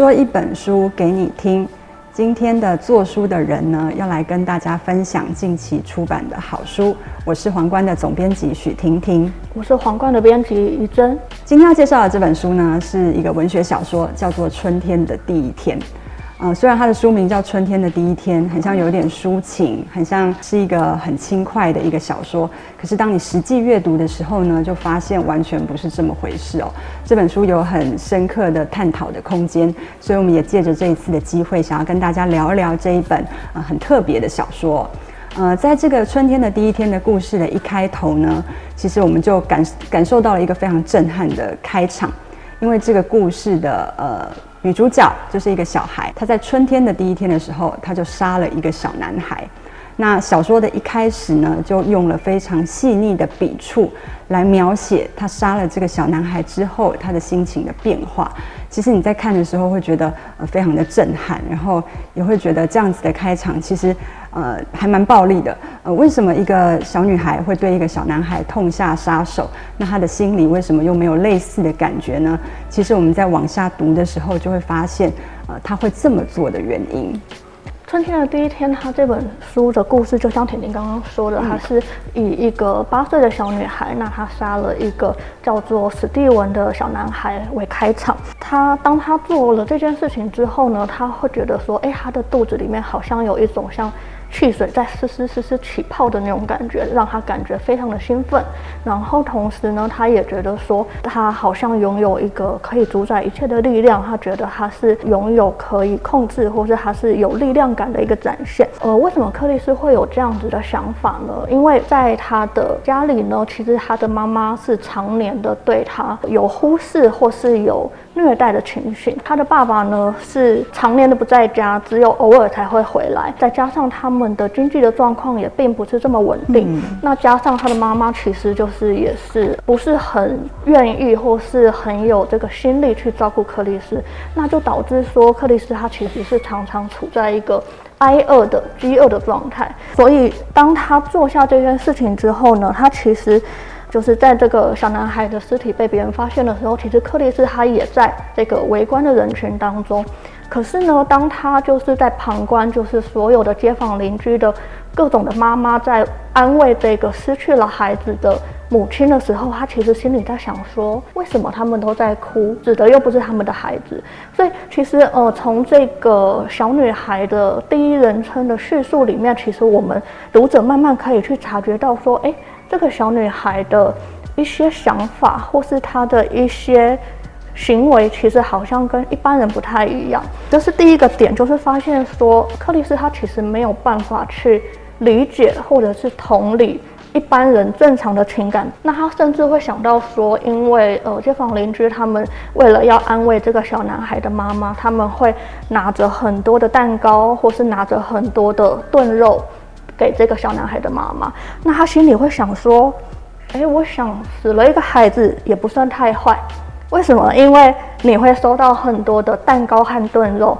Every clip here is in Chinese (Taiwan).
說一本書給你聽，今天的做書的人呢，要來跟大家分享近期出版的好書。我是皇冠的總編輯許婷婷，我是皇冠的編輯於真。今天要介紹的這本書呢，是一個文學小說，叫做《春天的第一天》。呃，雖然它的書名叫《春天的第一天》，很像有點抒情，很像是一個很輕快的一個小說。可是當你實際閱讀的時候呢，就發現完全不是這麼回事哦。這本書有很深刻的探討的空間，所以我們也借着這一次的機會，想要跟大家聊一聊這一本啊，呃，很特別的小說哦。呃，在這個春天的第一天的故事的一開頭呢，其實我們就感感受到了一個非常震撼的開場，因為這個故事的呃。女主角就是一個小孩，她在春天的第一天的時候，她就殺了一個小男孩。那小說的一開始呢，就用了非常細膩的筆觸來描寫她殺了這個小男孩之後她的心情的變化。其實你在看的時候會覺得呃非常的震撼，然後也會覺得這樣子的開場其實呃還蠻暴力的。呃，為什麼一個小女孩會對一個小男孩痛下殺手？那她的心裡為什麼又沒有類似的感覺呢？其實我們在往下讀的時候就會發現，呃，她會這麼做的原因。春天的第一天，她這本書的故事就像婷婷剛剛說的，她是以一個八歲的小女孩，嗯、那她殺了一個叫做史蒂文的小男孩為開場。她當她做了這件事情之後呢，她會覺得說，誒，她的肚子裡面好像有一種像汽水在嘶嘶嘶嘶起泡的那種感覺，讓他感覺非常的興奮。然後同時呢，他也覺得說，他好像擁有一個可以主宰一切的力量。他覺得他是擁有可以控制，或是他是有力量感的一個展現。呃，為什麼克莉絲會有這樣子的想法呢？因為在他的家裡呢，其實他的媽媽是常年的對他有忽視，或是有虐待的情緒。他的爸爸呢，是常年的不在家，只有偶爾才會回來。再加上他們們的經濟的狀況也並不是這麼穩定，嗯、那加上他的媽媽其實就是也是不是很願意或是很有這個心力去照顧克莉絲，那就導致說克莉絲他其實是常常處在一個挨餓的飢餓的狀態。所以當他做下這件事情之後呢，他其實就是在這個小男孩的屍體被別人發現的時候，其實克莉絲他也在這個圍觀的人群當中。可是呢，當他就是在旁觀，就是所有的街坊鄰居的各種的媽媽在安慰這個失去了孩子的母親的時候，他其實心裡在想說，為什麼他們都在哭，死的又不是他們的孩子？所以，其實呃，從這個小女孩的第一人稱的敘述裡面，其實我們讀者慢慢可以去察覺到，說，哎，這個小女孩的一些想法，或是她的一些。行為其實好像跟一般人不太一樣，這是第一個點，就是發現說，克莉絲他其實沒有辦法去理解或者是同理一般人正常的情感。那他甚至會想到說，因為呃，街坊鄰居他們為了要安慰這個小男孩的媽媽，他們會拿着很多的蛋糕，或是拿着很多的燉肉給這個小男孩的媽媽。那他心裡會想說，哎、欸，我想死了一個孩子也不算太壞。為什麼？因為你會收到很多的蛋糕和燉肉，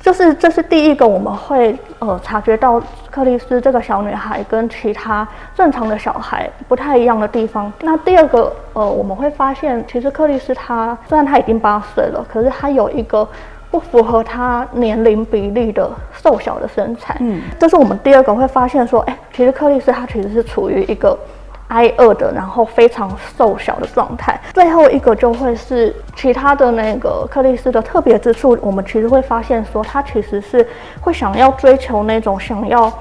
就是這是第一個我們會呃察覺到克莉絲這個小女孩跟其他正常的小孩不太一樣的地方。那第二個呃，我們會發現，其實克莉絲她雖然她已經八歲了，可是她有一個不符合她年齡比例的瘦小的身材。嗯，這是我們第二個會發現說，哎、欸，其實克莉絲她其實是處於一個。挨餓的，然後非常瘦小的狀態。最後一個就會是其他的那個克莉絲的特別之處。我們其實會發現說，他其實是會想要追求那種想要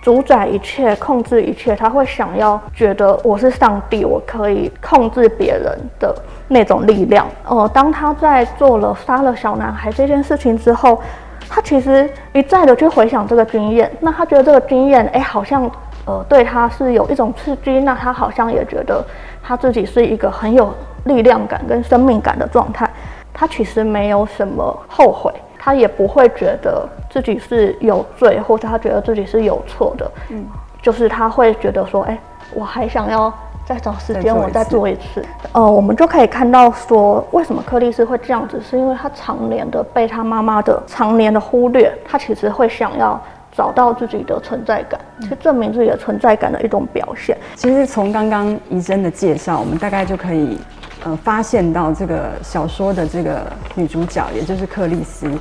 主宰一切、控制一切。他會想要覺得我是上帝，我可以控制別人的那種力量。哦、呃，當他在做了殺了小男孩這件事情之後，他其實一再的去回想這個經驗。那他覺得這個經驗，哎、欸，好像。呃，對他是有一種刺激，那他好像也覺得他自己是一個很有力量感跟生命感的狀態。他其實沒有什麼後悔，他也不會覺得自己是有罪或者他覺得自己是有錯的。嗯，就是他會覺得說，哎、欸，我還想要再找時間，再我再做一次。呃，我們就可以看到說，為什麼克莉絲會這樣子，是因為他常年的被他媽媽的常年的忽略，他其實會想要。找到自己的存在感，去證明自己的存在感的一種表現。嗯。其實從剛剛醫生的介紹，我們大概就可以，呃，發現到這個小說的這個女主角，也就是克莉絲，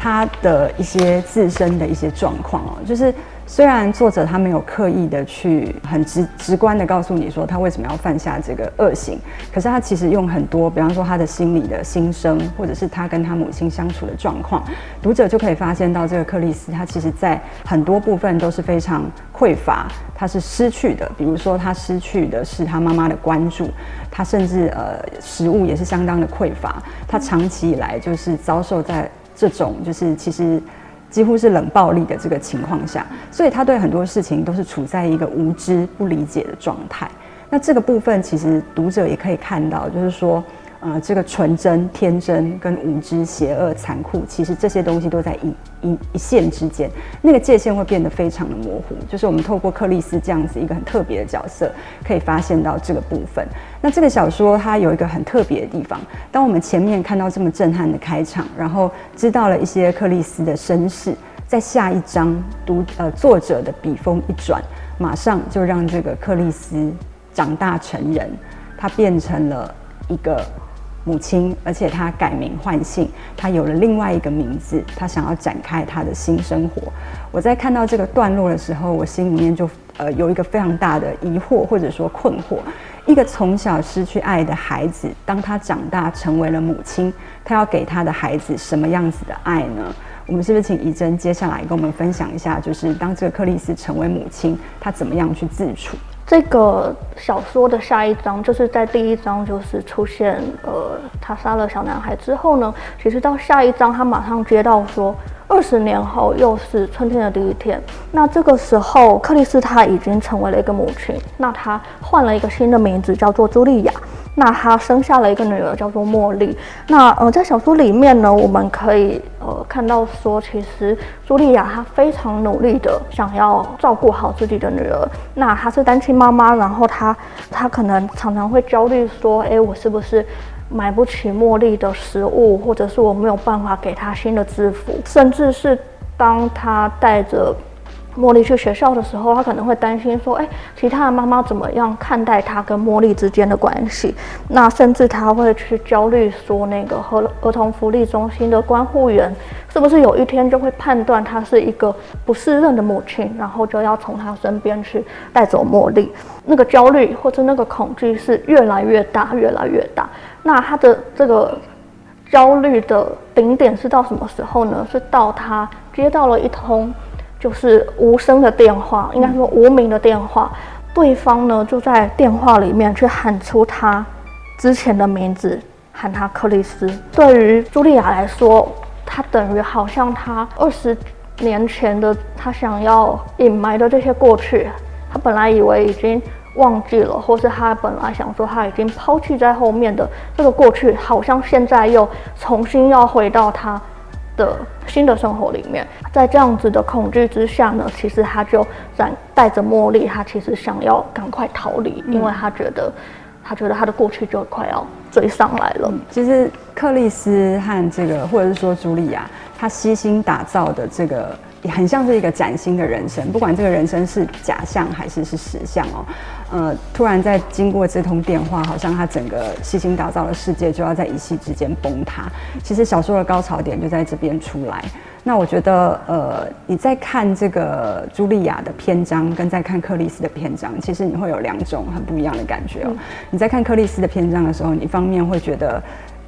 他的一些自身的一些狀況哦，就是雖然作者他沒有刻意的去很直直觀的告訴你說他為什麼要犯下這個惡行，可是他其實用很多，比方說他的心理的心聲，或者是他跟他母親相處的狀況，讀者就可以發現到這個克莉絲，他其實，在很多部分都是非常匱乏，他是失去的，比如說他失去的是他媽媽的關注，他甚至呃食物也是相當的匱乏，他長期以來就是遭受在。這種就是其實幾乎是冷暴力的這個情況下，所以他對很多事情都是處在一個無知、不理解的狀態。那這個部分其實讀者也可以看到，就是說。啊、呃，這個純真、天真跟無知、邪惡、殘酷，其實這些東西都在一一一線之間，那個界限會變得非常的模糊。就是我們透過克莉絲這樣子一個很特別的角色，可以發現到這個部分。那這個小說它有一個很特別的地方，當我們前面看到這麼震撼的開場，然後知道了一些克莉絲的身世，在下一章讀呃作者的筆鋒一轉，馬上就讓這個克莉絲長大成人，他變成了一個。母親，而且她改名換姓，她有了另外一個名字，她想要展開她的新生活。我在看到這個段落的時候，我心裡面就呃有一個非常大的疑惑或者說困惑：一個從小失去愛的孩子，當他長大成為了母親，他要給他的孩子什麼樣子的愛呢？我們是不是請怡真接下來跟我們分享一下，就是當這個克莉絲成為母親，他怎麼樣去自處？這個小說的下一章就是在第一章就是出現，呃，他殺了小男孩之後呢，其實到下一章他馬上接到說。二十年後又是春天的第一天，那這個時候克莉絲她已經成為了一個母親。那她換了一個新的名字叫做茱莉亞，那她生下了一個女兒叫做茉莉。那呃，在小說裡面呢，我們可以呃看到說，其實茱莉亞她非常努力的想要照顧好自己的女兒。那她是單親媽媽，然後她她可能常常會焦慮說，哎、欸，我是不是？買不起茉莉的食物，或者是我沒有辦法給她新的制服，甚至是當她帶着。茉莉去學校的時候，她可能會擔心說：“誒，其他的媽媽怎麼樣看待她跟茉莉之間的關係？”那甚至她會去焦慮說，那個和兒童福利中心的關護員是不是有一天就會判斷她是一個不適任的母親，然後就要從她身邊去帶走茉莉？那個焦慮或者那個恐懼是越來越大，越來越大。那她的這個焦慮的頂點是到什麼時候呢？是到她接到了一通。就是無聲的電話，應該說無名的電話，嗯，對方呢就在電話裡面去喊出他之前的名字，喊他克莉絲。對於茱莉亞來說，他等於好像他二十年前的他想要隱瞞的這些過去，他本來以為已經忘記了，或是他本來想說他已經拋棄在後面的這個過去，好像現在又重新要回到他的。新的生活裡面，在這樣子的恐懼之下呢，其實他就帶帶着茉莉，他其實想要趕快逃離，嗯、因為他覺得，他覺得他的過去就快要追上來了。其實、嗯就是、克莉絲和這個，或者是說茱莉亞，他悉心打造的這個。也很像是一個嶄新的人生，不管這個人生是假象還是是實相哦，呃，突然在經過這通電話，好像他整個悉心打造的世界就要在一夕之間崩塌。其實小說的高潮點就在這邊出來。那我覺得，呃，你在看這個茱莉亞的篇章，跟在看克莉絲的篇章，其實你會有兩種很不一樣的感覺哦。你在看克莉絲的篇章的時候，你一方面會覺得。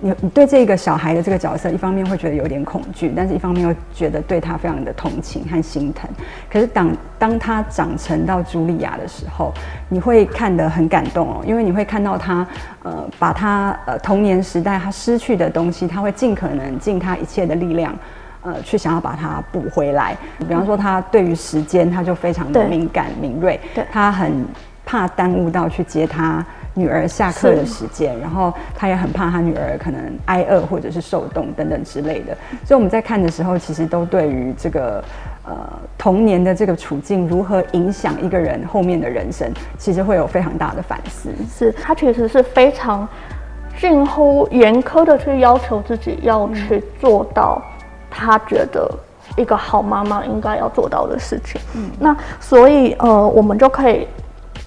你你對這個小孩的這個角色，一方面會覺得有點恐懼，但是一方面又覺得對他非常的同情和心疼。可是當當他長成到茱莉亞的時候，你會看得很感動哦，因為你會看到他，呃，把他呃童年時代他失去的東西，他會盡可能盡他一切的力量，呃，去想要把它補回來。比方說，他對於時間他就非常的敏感敏銳，他很怕耽誤到去接他女兒下課的時間，是然後她也很怕她女兒可能挨餓或者是受凍等等之類的。所以我們在看的時候，其實都對於這個呃童年的這個處境如何影響一個人後面的人生，其實會有非常大的反思。是，她其實是非常近乎嚴苛的去要求自己要去做到她覺得一個好媽媽應該要做到的事情。嗯，那所以呃，我們就可以。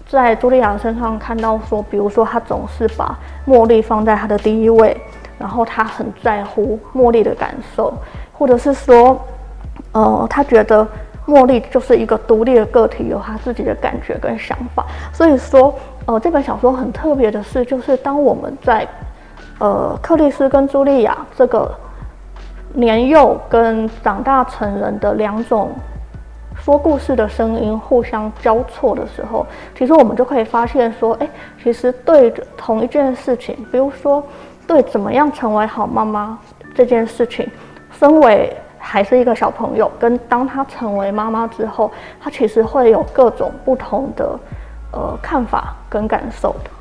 在茱莉亞身上看到說，比如說她總是把茉莉放在她的第一位，然後她很在乎茉莉的感受，或者是說，呃，她覺得茉莉就是一個獨立的個體，有她自己的感覺跟想法。所以說，呃，這本小說很特別的是，就是當我們在，呃，克莉絲跟茱莉亞這個年幼跟長大成人的兩種。說故事的聲音互相交錯的時候，其實我們就可以發現說，哎，其實對同一件事情，比如說對怎麼樣成為好媽媽這件事情，身為還是一個小朋友，跟當他成為媽媽之後，他其實會有各種不同的呃看法跟感受的。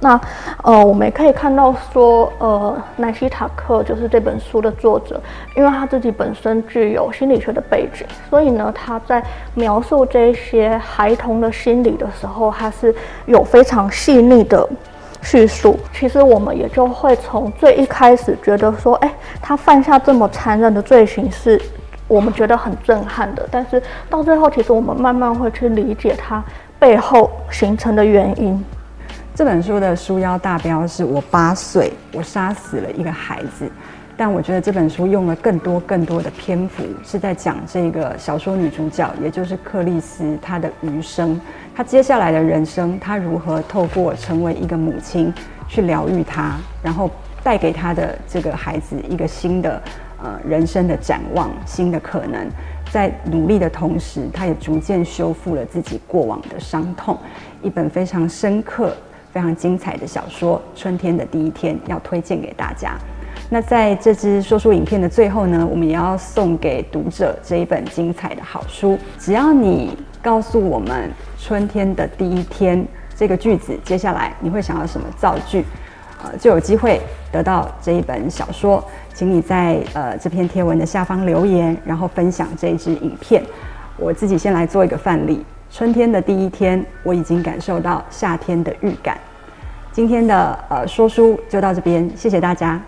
那，呃，我們也可以看到說，呃，南西塔克就是這本書的作者，因為他自己本身具有心理學的背景，所以呢，他在描述這些孩童的心理的時候，他是有非常細膩的敘述。其實，我們也就會從最一開始覺得說，哎，他犯下這麼殘忍的罪行，是我們覺得很震撼的。但是到最後，其實我們慢慢會去理解他背後形成的原因。這本書的書腰大標是我八歲，我殺死了一個孩子。但我覺得這本書用了更多更多的篇幅，是在講這個小說女主角，也就是克莉絲，她的餘生，她接下來的人生，她如何透過成為一個母親去療癒她，然後帶給她的這個孩子一個新的呃人生的展望，新的可能。在努力的同時，她也逐漸修復了自己過往的傷痛。一本非常深刻。非常精彩的小說《春天的第一天》要推薦給大家。那在這支說書影片的最後呢，我們也要送給讀者這一本精彩的好書。只要你告訴我們“春天的第一天”這個句子，接下來你會想要什麼造句，呃，就有機會得到這一本小說。請你在呃這篇貼文的下方留言，然後分享這一支影片。我自己先來做一個範例：“春天的第一天，我已經感受到夏天的預感。”今天的呃說書就到這邊，謝謝大家。